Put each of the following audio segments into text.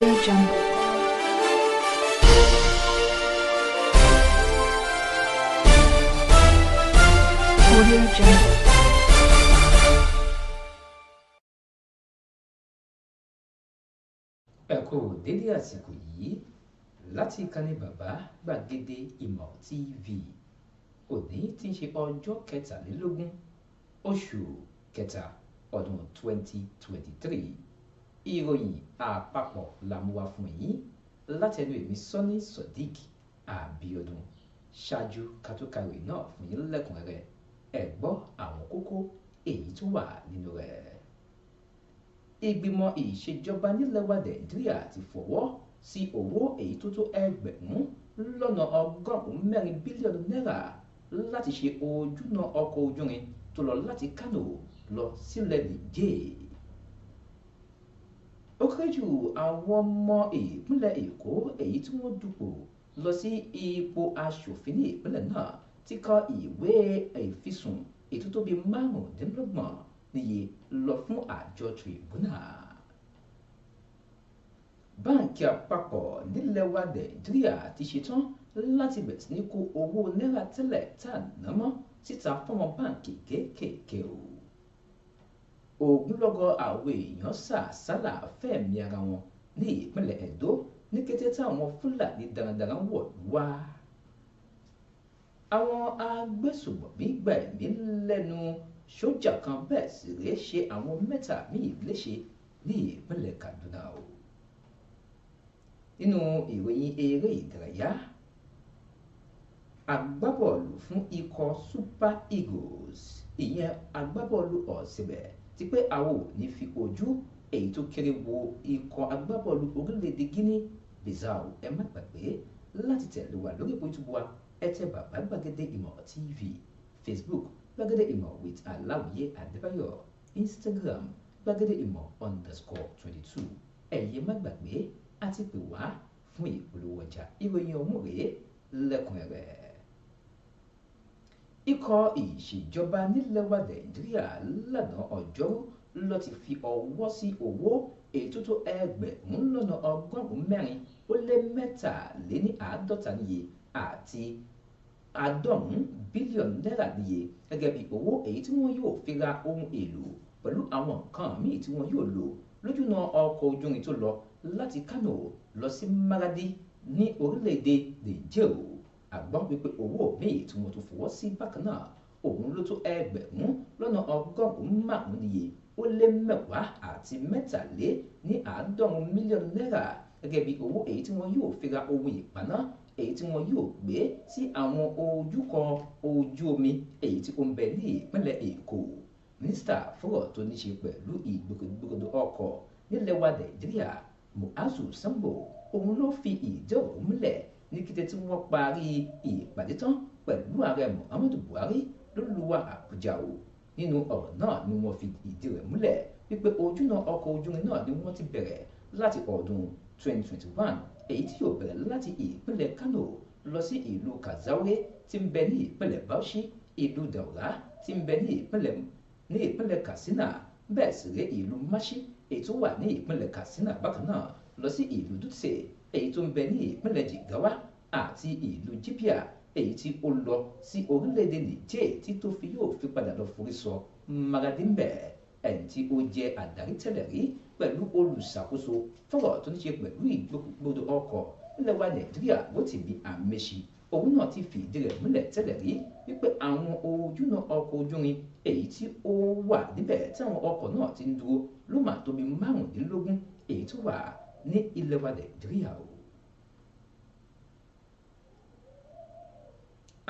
jungle Audio Jungle ẹ kú dédé àsìkò yìí láti ìkànnì bàbá gbàgede ìmọ̀ tv òní tí ń ṣe ọjọ́ kẹtàlélógún oṣù kẹta ọdún twenty twenty three ìròyìn àpapọ̀ la mú wá fún yín látẹnu èmi sọ́ni sodiq abiodun ṣáájú kátókàwé náà fún yín lẹ́kùnrẹ́rẹ́ ẹ gbọ́ àwọn kókó èyí tó wà nínú rẹ̀. ìgbìmọ̀ ìṣèjọba nílẹ̀ wa nàìjíríà ti fọwọ́ sí owó èyí tó tó ẹgbẹ̀rún lọ́nà ọgọ́rùn-ún mẹ́rin bílíọ̀nù náírà láti ṣe ojúnà ọkọ̀ ojúrin tó lọ láti kánò lọ sílẹ̀ nìjẹ́ẹ̀ ó kéré jù àwọn ọmọ ìpínlẹ̀ èkó èyí tí wọ́n dupò lọ sí ipò aṣòfin ní ìpínlẹ̀ náà ti kọ ìwé ìfisùn ètò tó bí márùndínlọ́gbọ̀n níye lọ fún àjọ tribunal báǹkì àpapọ̀ nílẹ̀ wa nàìjíríà ti ṣetán láti bẹ̀rẹ̀ sí ní kó owó náírà tẹ́lẹ̀ tá a ná mọ́ síta fọ́mọ báǹkì kéékèèké o ogunlọ́gọ̀ àwọn èèyàn sá àsálà fẹ̀mí ara wọn ní ìpínlẹ̀ Ẹdó ní kété táwọn Fúlàní darandaran wọ̀ wá àwọn agbésùmọ̀mí gba ẹ̀mí lẹ́nu sójà kan bẹ́ẹ̀ sì rèé ṣe àwọn mẹ́ta míì léṣe ní ìpínlẹ̀ Kaduna o nínú ìròyìn eré ìdárayá agbábọ́ọ̀lù fún ikọ̀ Super Eagles ìyẹn agbábọ́ọ̀lù ọ̀sibẹ̀ ti pé àwọn ò ní fi ojú èyí tó kéré wo ikọ̀ agbábọ́ọ̀lù orílẹ̀-èdè Guinea Bissau ẹ má gbàgbé láti tẹ̀lé wa lórí ipò YouTube wa ẹ tẹ bàbá gbàgede ìmọ̀ TV Facebook gbàgede ìmọ̀ with aláwìyé adébáyọ̀ Instagram gbàgede ìmọ̀ underscore twenty two ẹ̀yẹ má gbàgbé àti pè wá fún ìpolówó ọjà ìròyìn ọ̀hún rèé lẹ́kùnrẹ́rẹ́ ikọ̀ ìṣèjọba nílẹ̀ wa nàìjíríà lánàá ọjọ́rú ló ti fi ọwọ́ sí owó ètò tó ẹgbẹ̀rún lọ́nà ọgọ́rùn-ún mẹ́rin ó lé mẹ́tàléní àádọ́ta níye àti àádọ́rùn-ún bílíọ̀nù náírà níye gẹ́gẹ́ bí owó èyí tí wọ́n yóò fi ra ohun èlò pẹ̀lú àwọn nǹkan míì tí wọ́n yóò lò lójúnà ọkọ̀ ojú tó lọ láti Kánò lọ sí Maradi ní orílẹ̀-èdè Niger àgbà wípé owó míì tí mo tún fọwọ́ sí bákan náà òun ló tó ẹgbẹ̀rún lọ́nà ọgọ́rùn-ún márùn-ún níye ó lé mẹ́wàá àti mẹ́tàlé ní àádọ́rùn mílíọ̀nù náírà gẹ́gẹ́ bí owó èyí tí wọn yóò fi ra ohun ìpaná èyí tí wọn yóò gbé sí àwọn ojúkọ ojú omi èyí tí ó ń bẹ ní ìpínlẹ̀ Èkó mínísítà fúrọ̀ tó ní ṣe pẹ̀lú ìgbòkègbodò ọkọ̀ nílẹ̀ wa Nàìjíríà Muazu Sambo òun ló fi ìdí ọ̀rọ̀ múlẹ̀ ní kété tí wọ́n parí ìpàdé tán pẹ̀lú ààrẹ Muhammadu Buhari lólùwà Àbújá o nínú ọ̀rọ̀ náà ni wọ́n fi ìdí rẹ̀ múlẹ̀ wípé ojúnà ọkọ̀ ojúrin náà ni wọ́n ti bẹ̀rẹ̀ láti ọdún 2021 èyí tí yóò bẹ̀rẹ̀ láti ìpínlẹ̀ Kano lọ sí ìlú Kazaure tí ń bẹ ní ìpínlẹ̀ Bauchi ìlú Daura tí ń bẹ ní ìpínlẹ̀ ní ìpínlẹ̀ Katsina bẹ́ẹ̀ sì ré ìlú Mashi èyí tó wà ní ìpínlẹ̀ Katsina bákan náà lọ sí ìlú Dutse èyí tó ń bẹ ní ìpínlẹ̀ Jigawa àti ìlú Jibia èyí tí ó lọ sí orílẹ̀-èdè Niger tí tó fi yóò fi padà lọ forí sọ Maradimbe ẹni tí ó jẹ àdarí tẹ́lẹ̀ rí pẹ̀lú olùṣàkóso fọ́rọ̀ tó ní ṣe pẹ̀lú ìgbòkúgbòdò ọkọ̀ nílẹ̀ wa Nàìjíríà bó ti bí àmẹ́sì òun náà ti fìdí rẹ̀ múlẹ̀ tẹ́lẹ̀ rí wípé àwọn ojúnà ọkọ̀ ojúrin èyí tí ó wà níbẹ̀ tí ọkọ̀ náà ti ń dúró ló máa tó márùndínlógún èyí tó wà ní ilẹ̀ wa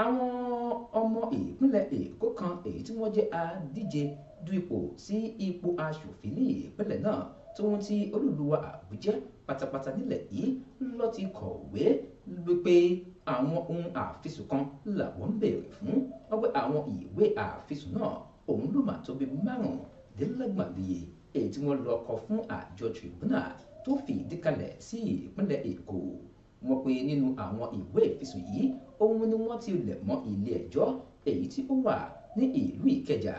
àwọn ọmọ ìpínlẹ̀ èkó kan èyí tí wọ́n jẹ́ adíje du ipò sí ipò aṣòfin ní ìpínlẹ̀ náà tó ń ti olúluwa àbújá pátápátá nílẹ̀ yìí ló ti kọ̀wé wípé àwọn ohun àfisùn kan làwọn ń béèrè fún wọ́n àwọn ìwé àfisùn náà òun ló mà tó bí márùndínlọ́gbọ̀n bíi èyí tí wọ́n lọ kọ fún àjọ tribunal tó fìdí kalẹ̀ sí ìpínlẹ̀ èkó wọ́n pé nínú àwọn ìwé ìfisùn yìí ohun ni wọ́n ti lẹ̀ mọ́ ilé ẹjọ́ èyí tí ó wà ní ìlú ìkẹjà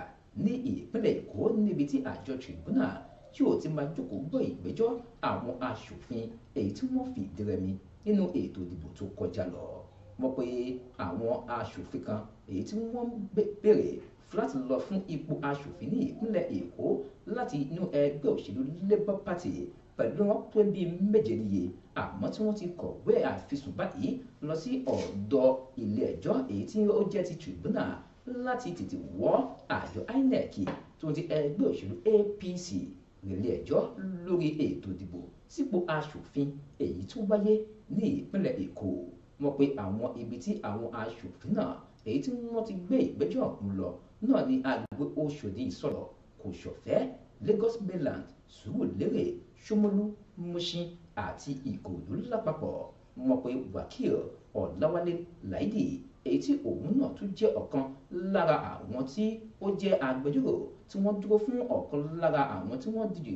ní ìpínlẹ̀ èkó níbi tí àjọ tribunal tí ò ti máa jókòó gbọ́ ìgbẹ́jọ́ àwọn aṣòfin èyí tí wọ́n fìdí rẹmi nínú ètò ìdìbò tó kọjá lọ wọ́n pé àwọn aṣòfin kan èyí tí wọ́n béèrè láti lọ fún ipò aṣòfin ní ìpínlẹ̀ èkó láti inú ẹgbẹ́ òṣèlú labour party pẹ̀lú wọn pé bíi méje níye àmọ́ tí wọ́n ti kọ̀wé àfisùn báyìí lọ sí ọ̀dọ̀ ilé ẹjọ́ èyí tí ó jẹ́ ti tribunal láti tètè wọ́ àjọ INEC tó ti ẹgbẹ́ òṣèlú APC nílé ẹjọ́ lórí ètò ìdìbò sípò aṣòfin èyí tó wáyé ní ìpínlẹ̀ Èkó wọ́n pe àwọn ibi tí àwọn aṣòfin náà èyí tí wọ́n ti gbé ìgbẹ́jọ́ ọ̀hún lọ náà ní agbègbè Oṣòdì ìsọ̀rọ̀ Kòsọ̀fẹ́ Lagos mainland Sùúrùlérè ṣómólú mushin àti ìkòròdú lápapọ̀ mọ̀ pé wákìl ọ̀làwálé láìdí èyí tí òun náà tún jẹ́ ọ̀kan lára àwọn tí ó jẹ́ agbẹjọ́rò tí wọ́n dúró fún ọ̀kan lára àwọn tí wọ́n dìde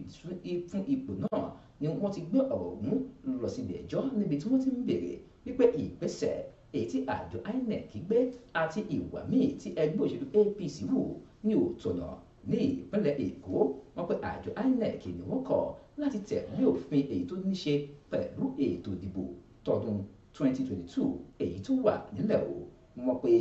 fún ipò náà ni wọ́n ti gbé ọ̀rọ̀ ọ̀hún lọ síbi ẹjọ́ níbi tí wọ́n ti ń béèrè wípé ìgbésẹ̀ èyí tí àjọ INEC gbé àti ìwà míì tí ẹgbẹ́ òṣèlú APC wù ní òtọ̀nà ní ìpínlẹ̀ èkó wọ́n pé àjọ inec ni wọ́n kọ̀ láti tẹ̀lé òfin èyí tó ní ṣe pẹ̀lú ètò ìdìbò tọdún 2022 èyí tó wà nílẹ̀ o wọ́n pé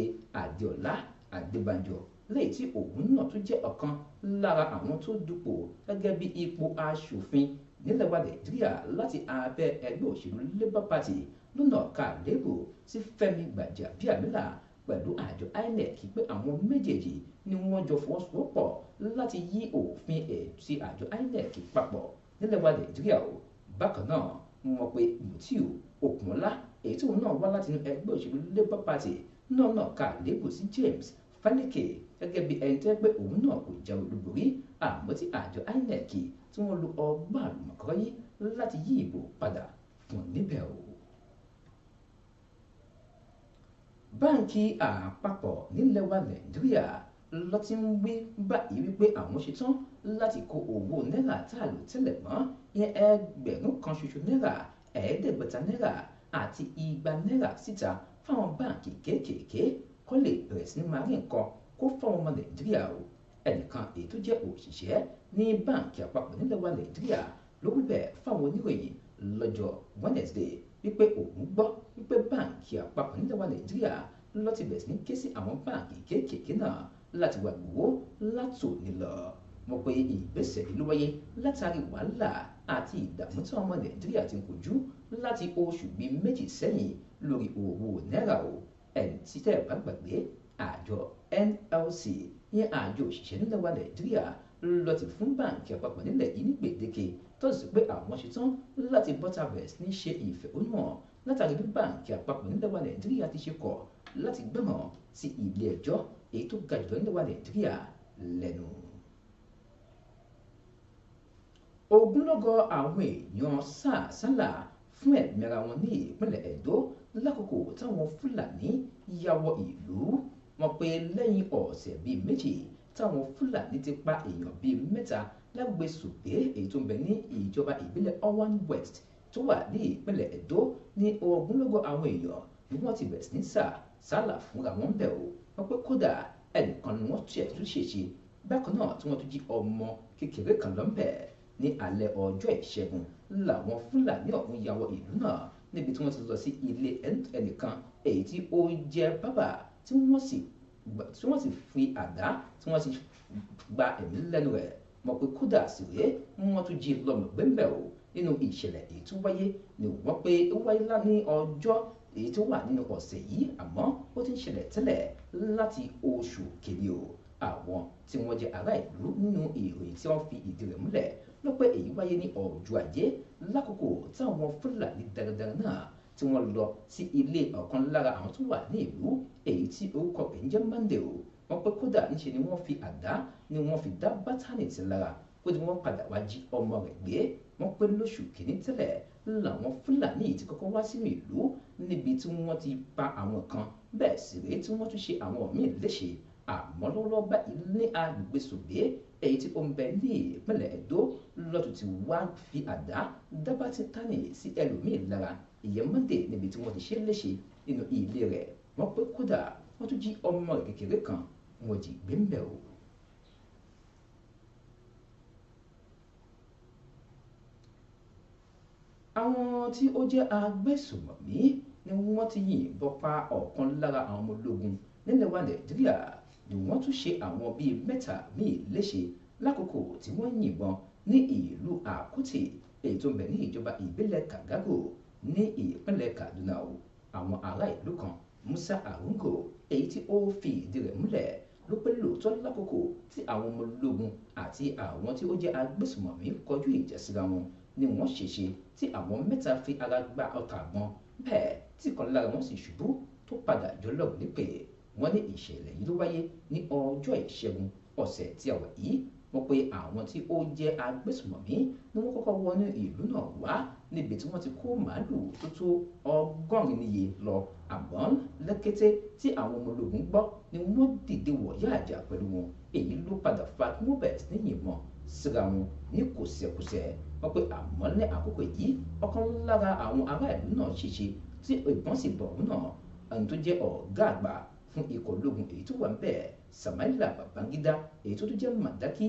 àdéọlá àgbébànjọ lẹ́yìn tí òun náà tó jẹ́ ọ̀kan lára àwọn tó dupò gẹ́gẹ́ bí ipò aṣòfin nílẹ̀ wa nàìjíríà láti abẹ́ ẹgbẹ́ òṣèlú labour party lọ́nà kàlébù sí fẹ́mi gbàjàbíàmílà pẹ̀lú àjọ inec pé àwọn méjèèjì ni wọ́n jọ fọwọ́sowọ́pọ̀ láti yí òfin ètí àjọ INEC papọ̀ nílẹ̀ nàìjíríà o bákan náà wọ́n pe Mutiu Okunola èyí tóun náà wá láti inú ẹgbẹ́ òṣèlú Labour Party náà náà ka àléébù sí James Falike gẹ́gẹ́ bí ẹni tó pé òun náà kò jẹ́ olúborí àmọ́ tí àjọ INEC tí wọ́n lo ọgbọ́n àlùmọ̀kọ́yé láti yí ìbò padà fún níbẹ̀ o. báǹkì àpapọ̀ nílẹ̀ nàìjíríà ló ti ń wí báyìí wípé àwọn ṣetán láti kó owó náírà tá a lò tẹ́lẹ̀ mọ́ yẹn ẹgbẹ̀rún kan ṣoṣo náírà ẹ̀ẹ́dẹ́gbẹ̀ta náírà àti igba náírà síta fáwọn báǹkì kéékèèké kó lè bẹ̀rẹ̀ sí máa rí nǹkan kó fáwọn ọmọ nàìjíríà o ẹnìkan èyí tó jẹ́ òṣìṣẹ́ ní báǹkì àpapọ̀ nílẹ̀ wa nàìjíríà ló wí bẹ́ẹ̀ fáwọn oníròyìn lọ́jọ́ Wednesday wípé òun gbọ́ wípé báǹkì àpapọ̀ nílẹ̀ wa nàìjíríà ló ti bẹ̀rẹ̀ sí ní ké sí àwọn báǹkì kéékèèké náà láti wàgbó látòní lọ mo pe ìgbésẹ̀ yìí ló wáyé látàrí wàhálà àti ìdààmú tí ọmọ nàìjíríà ti ń kojú láti oṣù bíi méjì sẹ́yìn lórí owó náírà o ẹni tí tẹ́ ẹ̀ bá gbàgbé àjọ NLC ní àjọ òṣìṣẹ́ nílẹ̀ wa nàìjíríà lọ ti fún báǹkì àpapọ̀ nílẹ̀ yìí ní gbèdéke tó sì pé àwọn ṣetán láti bọ́tà bẹ̀rẹ̀ sí ní ṣe ìfẹ̀hónúhàn látàrí bí báǹkì àpapọ̀ nílẹ̀ wa nàìjíríà ti ṣe kọ̀ láti gbẹ̀mọ̀ sí ilé ẹjọ́ èyí e tó ga jùlọ e nílẹ̀ e wa nàìjíríà lẹ́nu. ogunlọ́gọ̀ fún ẹ̀mí wọn ní ìpínlẹ̀ Ẹdó lákòókò táwọn Fúlàní ya ìlú wọn pé lẹ́yìn ọ̀sẹ̀ bíi méjì táwọn Fúlàní ti pa èèyàn bíi mẹ́ta lágbègbè èyí tó ń bẹ ní ìjọba ìbílẹ̀ Owan West tó wà ní ìpínlẹ̀ Ẹdó ní ogunlọ́gọ̀ àwọn èèyàn ni wọ́n ti bẹ̀rẹ̀ sí ní sá sálà fúnra wọn bẹ̀ o wọ́n pé kódà ẹnìkan ni wọ́n tiẹ̀ tún ṣèṣe bákan náà tí wọ́n tún jí ọmọ kékeré kan lọ́nbẹ̀ ní alẹ́ ọjọ́ ìṣẹ́gun làwọn fúlàní ọ̀hún ya wọ ìlú náà níbi tí wọ́n ti lọ sí ilé ẹnìkan èyí tí ó jẹ́ bábà tí wọ́n sì tí wọ́n sì fi àdá tí wọ́n sì gba ẹ̀mí lẹ́nu rẹ̀ mọ̀ pé kódà sì rèé wọ́n tún jí lọ́mọ gbẹ́mbẹ̀ o nínú ìṣẹ̀lẹ̀ èyí tó wáyé ni wọ́n pé ó wáyé lá ní ọjọ́ èyí tó wà nínú ọ̀sẹ̀ yìí àmọ́ ó ti ń ṣẹlẹ̀ tẹ́lẹ̀ láti oṣù kejì o àwọn tí wọ́n jẹ́ ará ìlú nínú ìròyìn tí wọ́n fi ìdí rẹ̀ múlẹ̀ ló pé èyí wáyé ní ọjọ́ ajé lákòókò táwọn fúlàní darandaran náà tí wọ́n lọ sí ilé ọ̀kan lára àwọn tó wà ní ìlú èyí tí orúkọ rẹ̀ ń jẹ́ mande o wọ́n pé kódà níṣe ni wọ́n fi àdá ni wọ́n fi dá bátánì sí lára kó tí wọ́n padà wá jí ọmọ rẹ̀ gbé wọ́n pé lóṣù kìíní tẹ́lẹ̀ làwọn fúlàní ti kọ́kọ́ wá sínú ìlú níbi tí wọ́n ti pa àwọn kan bẹ́ẹ̀ sì rèé tí wọ́n tún ṣe àwọn míì léṣe àmọ́ lọ́wọ́lọ́wọ́ báyìí ní agbègbè sògbé èyí tí ó ń bẹ ní ìpínlẹ̀ Ẹdó lọ́tún ti wá fi àdá dábàá ti tánì sí ẹlòmíì lára ìyẹn mọ́ndé níbi tí wọ́n ti ṣe léṣe nínú ilé rẹ̀ wọ́n pé kódà wọ́n tún jí ọmọ rẹ̀ kékeré kan wọ́n jí gbé ń bẹ̀ o. àwọn tí ó jẹ́ agbésùmọ̀mí ni wọ́n ti yìnbọn pa ọ̀kan lára àwọn ọmọ ológun nílẹ̀ wa nàìjíríà ni wọ́n tún ṣe àwọn bíi mẹ́ta míì léṣe lákòókò tí wọ́n yìnbọn ní ìlú àkútì èyí tó ń bẹ ní ìjọba ìbílẹ̀ kàgágò ní ìpínlẹ̀ kaduna o àwọn ará ìlú kan musa arungo èyí tí ó fi ìdí rẹ̀ múlẹ̀ ló pé lóòótọ́ lákòókò tí àwọn ọmọ ológun àti àwọn tí ó jẹ́ agbésùmọ̀mí kọjú ìjà síra wọn ni wọ́n ṣèṣe tí àwọn mẹ́ta fi ara gba ọta àgbọn bẹ́ẹ̀ tí kan lára wọn sì ṣubú tó padà jọlọ́run nípè wọ́n ní ìṣẹ̀lẹ̀ yìí ló wáyé ní ọjọ́ ìṣẹ́gun ọ̀sẹ̀ tí a wà yìí wọ́n pe àwọn tí ó jẹ́ agbésùmọ̀mí ni wọ́n kọ́kọ́ wọnú ìlú náà wá níbi tí wọ́n ti kó màálùú tó tó ọgọ́rin níye lọ àmọ́ lẹ́kẹ́tẹ́ tí àwọn ọmọ ológun ni wọ́n dìde wọ̀yá àjà pẹ̀lú wọn èyí ló padà fa kí wọ́n bẹ̀rẹ̀ sí ní yìnbọn síra wọn ní kòsẹ̀kòsẹ̀ wọ́n pé àmọ́ ní àkókò yìí ọ̀kan lára àwọn aráàlú náà ṣèṣe tí ìbọn sì bọ̀ ọ̀hún náà ẹni tó jẹ́ ọ̀gá àgbà fún ikọ̀ ológun èyí tó wà ń bẹ̀ Samaila Babangida èyí tó tún jẹ́ Madaki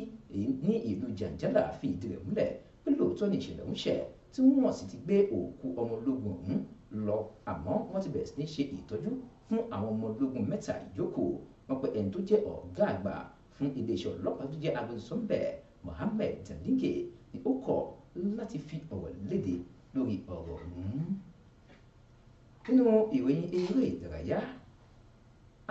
ní ìlú Janjala fi ìdí rẹ̀ múlẹ̀ pé lóòótọ́ ni ìṣẹ̀lẹ̀ ń ṣẹ̀ tí wọ́n sì ti gbé òkú ọmọ ológun ọ̀hún lọ àmọ́ wọ́n ti bẹ̀rẹ̀ sí ní ṣe ìtọ́jú fún àwọn ọmọ ológun mẹ́ta ìjókòó wọ́n pé ẹni tó jẹ́ ọ̀gá àgbà fún iléeṣẹ́ ọlọ́pàá tó jẹ́ agbẹnusọ Mohammed Tandike ni ó kọ̀ láti fi ọ̀rọ̀ léde lórí ọ̀rọ̀ ọ̀hún. nínú ìròyìn eré ìdárayá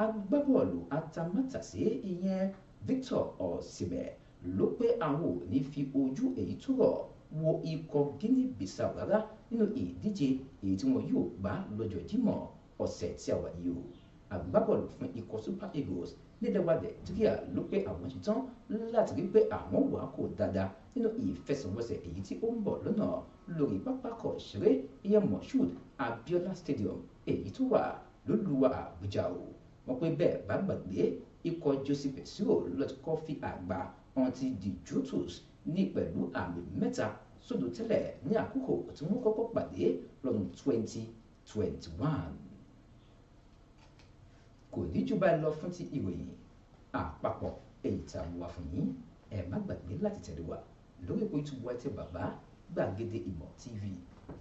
agbábọ́ọ̀lù atamátàsé ìyẹn Victor Osimhen ló pé àwọn ò ní fi ojú èyí tó rọ̀ wo ikọ̀ Guinea Bissau rárá nínú ìdíje èyí tí wọn yóò gbá lọ́jọ́ Jímọ̀ ọ̀sẹ̀ tí a wà yìí o agbábọ́ọ̀lù fún ikọ̀ Super Eagles nílẹ̀wàlẹ̀ díríà ló pé àwọn ṣetán láti rí pé àwọn wà kò dáadáa nínú ìfẹsẹ̀wọnsẹ̀ èyí tí ó ń bọ̀ lọ́nà lórí pápákọ̀ ṣeré ìyẹn Moshood Abiola Stadium èyí tó wà lólùwà Àbújá o wọ́n pé bẹ́ẹ̀ bá gbàgbé ikọ̀ Joseph Siro lọ́tìkọ́ fi àgbà hàn ti di Juventus ní pẹ̀lú àmì mẹ́ta sódò tẹ́lẹ̀ ní àkókò tí wọ́n kọ́kọ́ pàdé lọ́dún 2021 kò ní jù báyìí lọ fún ti ìròyìn àpapọ̀ èyí tá a mú wá fún yín ẹ má gbàgbé láti tẹ̀lé wa lórí ipò YouTube wa bàbá gbàgede ìmọ̀ TV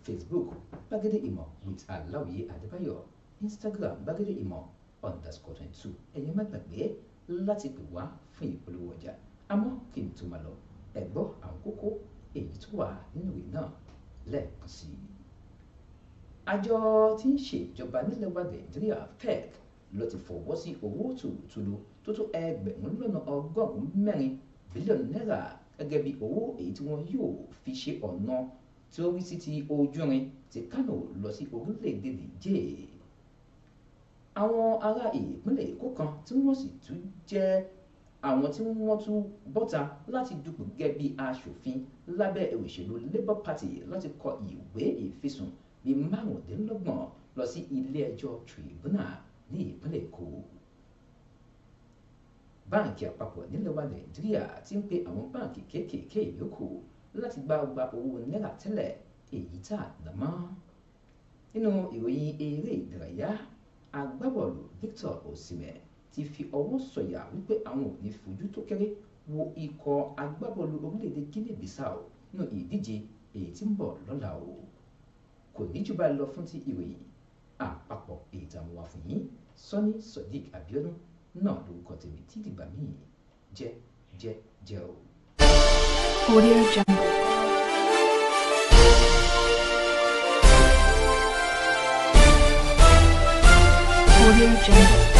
Facebook gbàgede ìmọ̀ with aláwìyé adébáyọ̀ Instagram gbàgede ìmọ̀ underscore twenty two ẹ̀yin má gbàgbé láti pè wá fún ìpolówó ọjà àmọ́ kí n tó máa lọ ẹ gbọ́ àwọn kókó èyí tó wà nínú ìwé náà lẹ́ẹ̀kan sí i àjọ tí ń ṣèjọba nílẹ̀ wa nàìjíríà pec ló ti fọwọ́ sí owó tùlùtùlù tó tó ẹgbẹ̀rún lọ́nà ọgọ́rùn-ún mẹ́rin bílíọ̀nù náírà gẹ́gẹ́ bí owó èyí tí wọ́n yóò fi ṣe ọ̀nà tí ó rí sí ti ojúrin ti Kánò lọ sí orílẹ̀-èdè Nìjẹ̀ àwọn ará ìpínlẹ̀ Èkó kan tí wọ́n sì tún jẹ́ àwọn tí wọ́n tún bọ́ta láti dupò gẹ́gẹ́ bí aṣòfin lábẹ́ òṣèlú Labour Party láti kọ ìwé ìfisùn bíi márùndínlọ́gbọ̀n lọ sí ilé ẹjọ́ tribunal ní ìpínlẹ̀ Èkó báǹkì àpapọ̀ nílẹ̀ wa Nàìjíríà ti ń pe àwọn báǹkì kéékèèké ìyókù láti gba gba owó náírà tẹ́lẹ̀ èyí tá a ná mọ́ nínú ìròyìn eré ìdárayá agbábọ́ọ̀lù Victor Osimhen ti fi ọwọ́ sọ̀yà wípé àwọn ò ní fojú tó kéré wo ikọ̀ agbábọ́ọ̀lù orílẹ̀-èdè Guinea Bissau nínú ìdíje èyí tí ń bọ̀ lọ́la o kò ní jù lọ fún ti ìròyìn àpapọ̀ ìtàn wa fún yín Sunny Sodiq Abiodun náà lórúkọ tèmi tí dìgbà míì jẹ jẹ jẹ o. Audio Jungle. Audio Jungle.